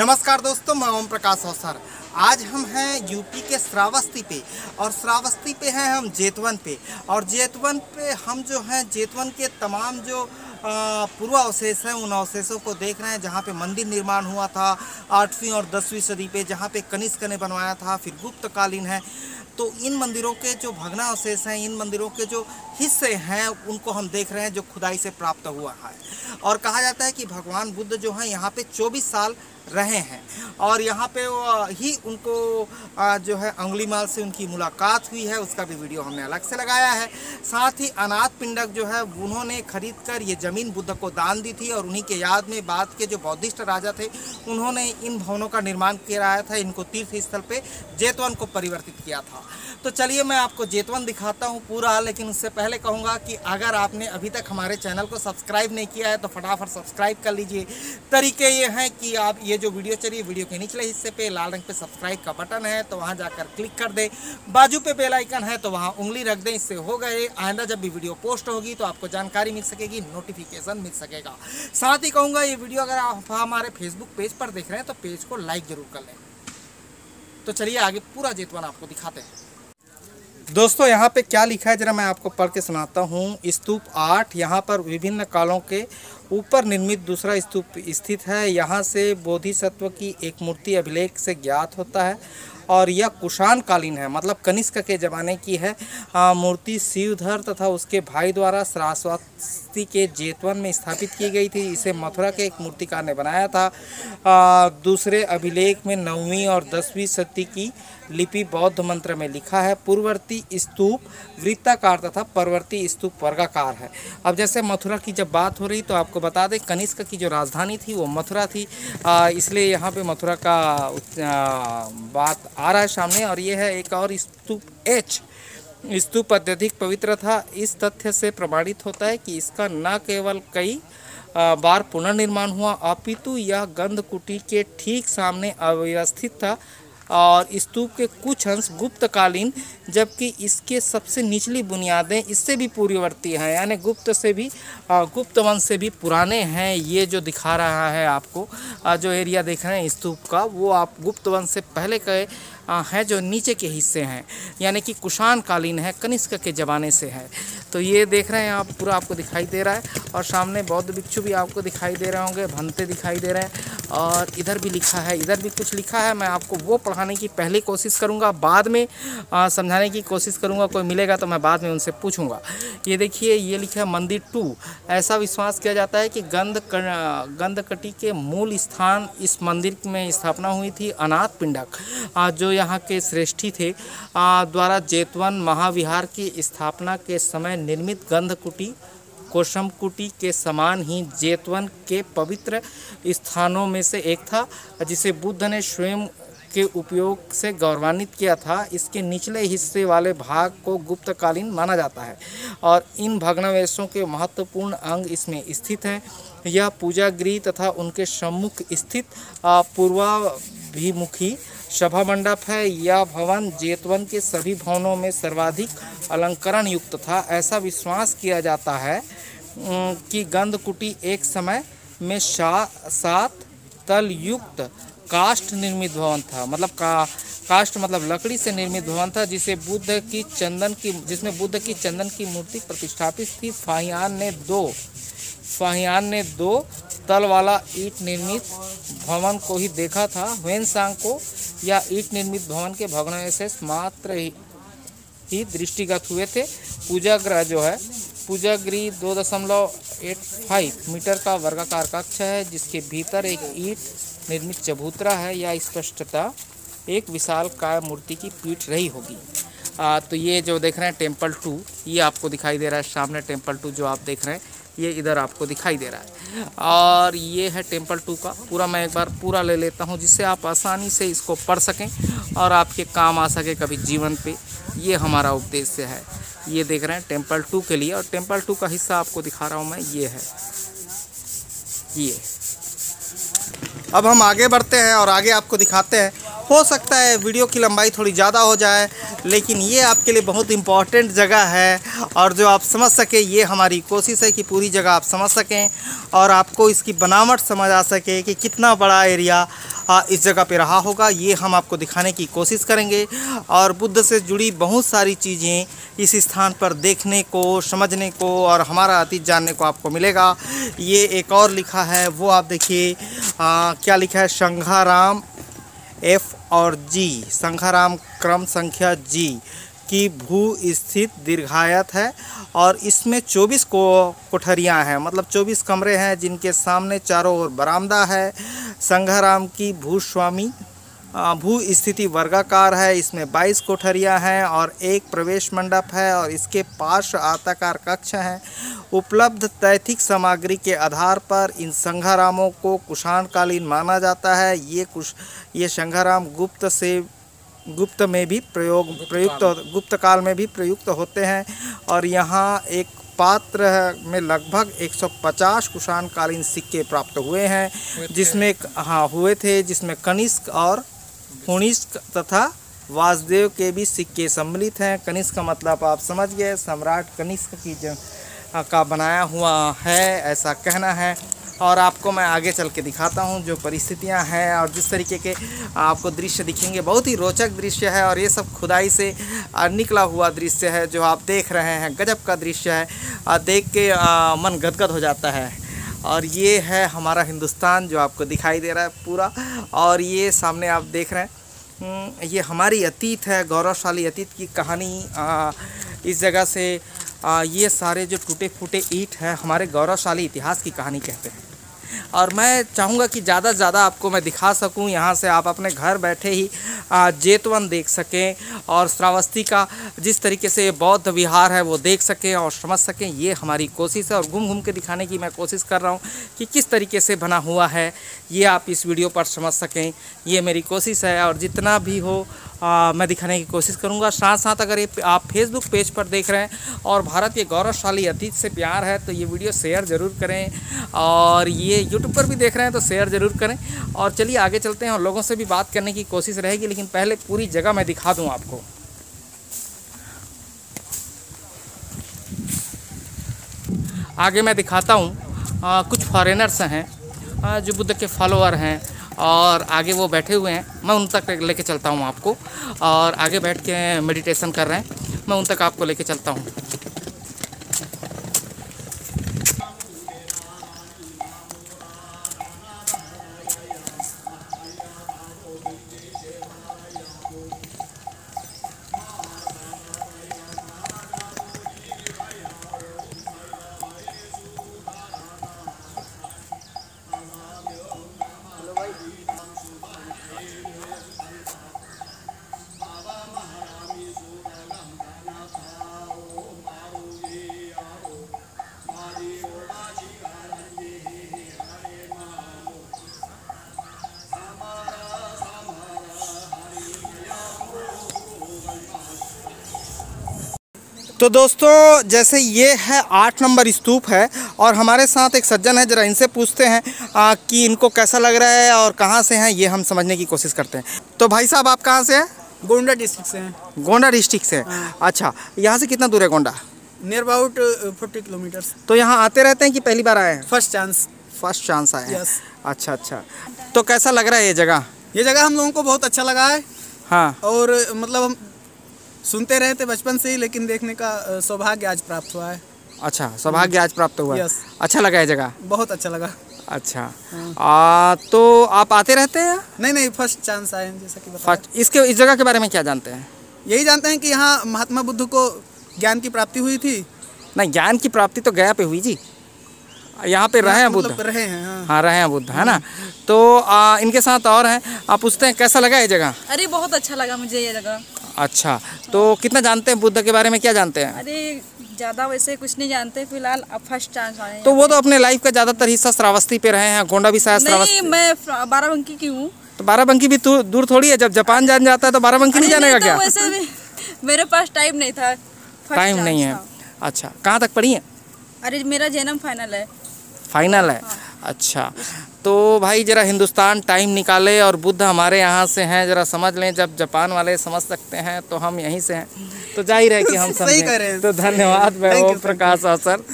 नमस्कार दोस्तों मैं ओम प्रकाश अवसर आज हम हैं यूपी के श्रावस्ती पे और श्रावस्ती पे हैं हम जेतवन पे और जेतवन पे हम जो हैं जेतवन के तमाम जो पूर्व अवशेष हैं उन अवशेषों को देख रहे हैं जहाँ पे मंदिर निर्माण हुआ था आठवीं और दसवीं सदी पे जहाँ पे कनिष्क ने बनवाया था फिर गुप्तकालीन है तो इन मंदिरों के जो भगना अवशेष हैं इन मंदिरों के जो हिस्से हैं उनको हम देख रहे हैं जो खुदाई से प्राप्त हुआ है और कहा जाता है कि भगवान बुद्ध जो हैं यहाँ पे 24 साल रहे हैं और यहाँ पे ही उनको जो है माल से उनकी मुलाकात हुई है उसका भी वीडियो हमने अलग से लगाया है साथ ही अनाथ पिंडक जो है उन्होंने खरीद कर ये ज़मीन बुद्ध को दान दी थी और उन्हीं के याद में बाद के जो बौद्धिस्ट राजा थे उन्होंने इन भवनों का निर्माण कराया था इनको तीर्थ स्थल पर जेतवन को परिवर्तित किया था तो चलिए मैं आपको जेतवन दिखाता हूँ पूरा लेकिन उससे पहले कहूँगा कि अगर आपने अभी तक हमारे चैनल को सब्सक्राइब नहीं किया है तो फटाफट सब्सक्राइब कर लीजिए तरीके ये हैं कि आप ये जो वीडियो चल रही है वीडियो के निचले हिस्से पे लाल रंग पे सब्सक्राइब का बटन है तो वहाँ जाकर क्लिक कर दें बाजू पे बेल आइकन है तो वहाँ उंगली रख दें इससे हो गए आइंदा जब भी वीडियो पोस्ट होगी तो आपको जानकारी मिल सकेगी नोटिफिकेशन मिल सकेगा साथ ही कहूँगा ये वीडियो अगर आप हमारे फेसबुक पेज पर देख रहे हैं तो पेज को लाइक ज़रूर कर लें तो चलिए आगे पूरा जेतवन आपको दिखाते हैं दोस्तों यहाँ पे क्या लिखा है जरा मैं आपको पढ़ के सुनाता हूँ स्तूप आठ यहाँ पर विभिन्न कालों के ऊपर निर्मित दूसरा स्तूप स्थित है यहाँ से बोधिसत्व की एक मूर्ति अभिलेख से ज्ञात होता है और यह कुषाण कालीन है मतलब कनिष्क के ज़माने की है मूर्ति शिवधर तथा उसके भाई द्वारा सरास्वती के जेतवन में स्थापित की गई थी इसे मथुरा के एक मूर्तिकार ने बनाया था आ, दूसरे अभिलेख में नौवीं और दसवीं सती की लिपि बौद्ध मंत्र में लिखा है पूर्ववर्ती स्तूप वृत्ताकार तथा परवर्ती स्तूप वर्गाकार है अब जैसे मथुरा की जब बात हो रही तो आपको बता दें कनिष्क की जो राजधानी थी वो मथुरा थी इसलिए यहाँ पे मथुरा का बात आ रहा है सामने और ये है एक और स्तूप एच स्तूप अत्यधिक पवित्र था इस तथ्य से प्रमाणित होता है कि इसका न केवल कई बार पुनर्निर्माण हुआ अपितु यह गंधकुटी के ठीक सामने अव्यवस्थित था और स्तूप के कुछ अंश गुप्तकालीन जबकि इसके सबसे निचली बुनियादें इससे भी पूर्ववर्ती हैं यानी गुप्त से भी गुप्त वंश से भी पुराने हैं ये जो दिखा रहा है आपको जो एरिया देख रहे हैं स्तूप का वो आप गुप्त वंश से पहले के हैं जो नीचे के हिस्से हैं यानी कि कुशानकालीन कालीन है कनिष्क के ज़माने से है तो ये देख रहे हैं आप पूरा आपको दिखाई दे रहा है और सामने बौद्ध भिक्षु भी आपको दिखाई दे रहे होंगे भंते दिखाई दे रहे हैं और इधर भी लिखा है इधर भी कुछ लिखा है मैं आपको वो पढ़ाने की पहले कोशिश करूँगा बाद में समझाने की कोशिश करूँगा कोई मिलेगा तो मैं बाद में उनसे पूछूँगा ये देखिए ये लिखा है मंदिर टू ऐसा विश्वास किया जाता है कि गंध गंधकटी के मूल स्थान इस मंदिर में स्थापना हुई थी अनाथ पिंडक जो यहाँ के श्रेष्ठी थे द्वारा जेतवन महाविहार की स्थापना के समय निर्मित गंधकुटी कोशमकुटी के समान ही जेतवन के पवित्र स्थानों में से एक था जिसे बुद्ध ने स्वयं के उपयोग से गौरवान्वित किया था इसके निचले हिस्से वाले भाग को गुप्तकालीन माना जाता है और इन भग्नावेशों के महत्वपूर्ण अंग इसमें स्थित हैं यह पूजा गृह तथा उनके सम्मुख स्थित पूर्वाभिमुखी सभा मंडप है यह भवन जेतवन के सभी भवनों में सर्वाधिक अलंकरण युक्त था ऐसा विश्वास किया जाता है कि गंधकुटी एक समय में सा, सात तल युक्त काष्ठ निर्मित भवन था मतलब का काष्ठ मतलब लकड़ी से निर्मित भवन था जिसे बुद्ध की चंदन की जिसमें बुद्ध की चंदन की मूर्ति प्रतिष्ठापित थी फाहियान ने दो फाहियान ने दो तल वाला ईट निर्मित भवन को ही देखा था सांग को या ईट निर्मित भवन के भग्नावशेष मात्र ही, ही दृष्टिगत हुए थे पूजा ग्रह जो है पूजा गृह दो दशमलव एट फाइव मीटर का वर्गाकार कक्ष है जिसके भीतर एक ईट निर्मित चबूतरा है या स्पष्टता एक विशाल काय मूर्ति की पीठ रही होगी आ, तो ये जो देख रहे हैं टेम्पल टू ये आपको दिखाई दे रहा है सामने टेम्पल टू जो आप देख रहे हैं ये इधर आपको दिखाई दे रहा है और ये है टेम्पल टू का पूरा मैं एक बार पूरा ले लेता हूँ जिससे आप आसानी से इसको पढ़ सकें और आपके काम आ सके कभी जीवन पे ये हमारा उद्देश्य है ये देख रहे हैं टेम्पल टू के लिए और टेम्पल टू का हिस्सा आपको दिखा रहा हूँ मैं ये है ये अब हम आगे बढ़ते हैं और आगे आपको दिखाते हैं हो सकता है वीडियो की लंबाई थोड़ी ज़्यादा हो जाए लेकिन ये आपके लिए बहुत इम्पॉर्टेंट जगह है और जो आप समझ सकें ये हमारी कोशिश है कि पूरी जगह आप समझ सकें और आपको इसकी बनावट समझ आ सके कि कितना बड़ा एरिया इस जगह पे रहा होगा ये हम आपको दिखाने की कोशिश करेंगे और बुद्ध से जुड़ी बहुत सारी चीज़ें इस स्थान पर देखने को समझने को और हमारा अतीत जानने को आपको मिलेगा ये एक और लिखा है वो आप देखिए क्या लिखा है शंघाराम एफ और जी शंखाराम क्रम संख्या जी की भू स्थित दीर्घायत है और इसमें 24 को कोठरियाँ हैं मतलब 24 कमरे हैं जिनके सामने चारों ओर बरामदा है संघाराम की भूस्वामी भू स्थिति वर्गाकार है इसमें 22 कोठरियाँ हैं और एक प्रवेश मंडप है और इसके पार्श्व आताकार कक्ष हैं उपलब्ध तैथिक सामग्री के आधार पर इन संघारामों को कुषाणकालीन माना जाता है ये कुश ये संघाराम गुप्त से गुप्त में भी प्रयोग प्रयुक्त गुप्त काल में भी प्रयुक्त होते हैं और यहाँ एक पात्र में लगभग 150 कुषाणकालीन सिक्के प्राप्त हुए हैं जिसमें हाँ हुए थे जिसमें कनिष्क और हुणिष्क तथा वासुदेव के भी सिक्के सम्मिलित हैं कनिष्क का मतलब आप समझ गए सम्राट कनिष्क की जन का बनाया हुआ है ऐसा कहना है और आपको मैं आगे चल के दिखाता हूँ जो परिस्थितियाँ हैं और जिस तरीके के आपको दृश्य दिखेंगे बहुत ही रोचक दृश्य है और ये सब खुदाई से निकला हुआ दृश्य है जो आप देख रहे हैं गजब का दृश्य है देख के मन गदगद हो जाता है और ये है हमारा हिंदुस्तान जो आपको दिखाई दे रहा है पूरा और ये सामने आप देख रहे हैं हम्म, ये हमारी अतीत है गौरवशाली अतीत की कहानी आ, इस जगह से आ, ये सारे जो टूटे फूटे ईट हैं हमारे गौरवशाली इतिहास की कहानी कहते हैं और मैं चाहूँगा कि ज़्यादा से ज़्यादा आपको मैं दिखा सकूँ यहाँ से आप अपने घर बैठे ही जेतवन देख सकें और श्रावस्ती का जिस तरीके से बौद्ध विहार है वो देख सकें और समझ सकें ये हमारी कोशिश है और घूम घूम के दिखाने की मैं कोशिश कर रहा हूँ कि किस तरीके से बना हुआ है ये आप इस वीडियो पर समझ सकें ये मेरी कोशिश है और जितना भी हो आ, मैं दिखाने की कोशिश करूँगा साथ साथ अगर ये आप फेसबुक पेज पर देख रहे हैं और भारत के गौरवशाली अतीत से प्यार है तो ये वीडियो शेयर ज़रूर करें और ये यूट्यूब पर भी देख रहे हैं तो शेयर ज़रूर करें और चलिए आगे चलते हैं और लोगों से भी बात करने की कोशिश रहेगी लेकिन पहले पूरी जगह मैं दिखा दूँ आपको आगे मैं दिखाता हूँ कुछ फॉरेनर्स हैं जो बुद्ध के फॉलोअर हैं और आगे वो बैठे हुए हैं मैं उन तक लेके चलता हूँ आपको और आगे बैठ के मेडिटेशन कर रहे हैं मैं उन तक आपको लेके चलता हूँ तो दोस्तों जैसे ये है आठ नंबर स्तूप है और हमारे साथ एक सज्जन है ज़रा इनसे पूछते हैं आ, कि इनको कैसा लग रहा है और कहाँ से हैं ये हम समझने की कोशिश करते हैं तो भाई साहब आप कहाँ से हैं गोंडा डिस्ट्रिक्ट से हैं गोंडा डिस्ट्रिक्ट से हाँ। अच्छा यहाँ से कितना दूर है Gonda near about forty kilometre तो यहाँ आते रहते हैं कि पहली बार आए हैं फर्स्ट चांस फर्स्ट चांस आए हैं अच्छा अच्छा तो कैसा लग रहा है ये जगह ये जगह हम लोगों को बहुत अच्छा लगा है हाँ और मतलब हम सुनते रहे थे बचपन से ही लेकिन देखने का सौभाग्य आज प्राप्त हुआ है अच्छा सौभाग्य आज प्राप्त हुआ है अच्छा लगा है जगह बहुत अच्छा लगा अच्छा हाँ। आ, तो आप आते रहते हैं नहीं नहीं फर्स्ट चांस आए जैसा कि फर्स्ट इसके इस जगह के बारे में क्या जानते हैं यही जानते हैं कि यहाँ महात्मा बुद्ध को ज्ञान की प्राप्ति हुई थी नहीं ज्ञान की प्राप्ति तो गया पे हुई जी यहाँ पे रहे हैं बुद्ध मतलब रहे हैं हाँ, हाँ रहे हैं बुद्ध है ना हम्म। तो आ, इनके साथ और हैं आप पूछते हैं कैसा लगा ये जगह अरे बहुत अच्छा लगा मुझे ये जगह अच्छा तो कितना जानते हैं बुद्ध के बारे में क्या जानते हैं अरे ज़्यादा वैसे कुछ नहीं जानते फिलहाल अब फर्स्ट चांस आए तो वो तो अपने लाइफ का ज़्यादातर हिस्सा श्रावस्ती पे रहे हैं गोंडा भी शायद श्रावस्ती मैं बाराबंकी की हूँ तो बाराबंकी भी दूर थोड़ी है जब जापान जान जाता है तो बाराबंकी नहीं जाने का तो क्या मेरे पास टाइम नहीं था टाइम नहीं है अच्छा कहाँ तक पढ़ी है अरे मेरा जन्म फाइनल है फाइनल है हाँ। अच्छा तो भाई ज़रा हिंदुस्तान टाइम निकाले और बुद्ध हमारे यहाँ से हैं ज़रा समझ लें जब जापान वाले समझ सकते हैं तो हम यहीं से हैं तो जाहिर है कि हम समझें तो धन्यवाद मैं ओम प्रकाश सर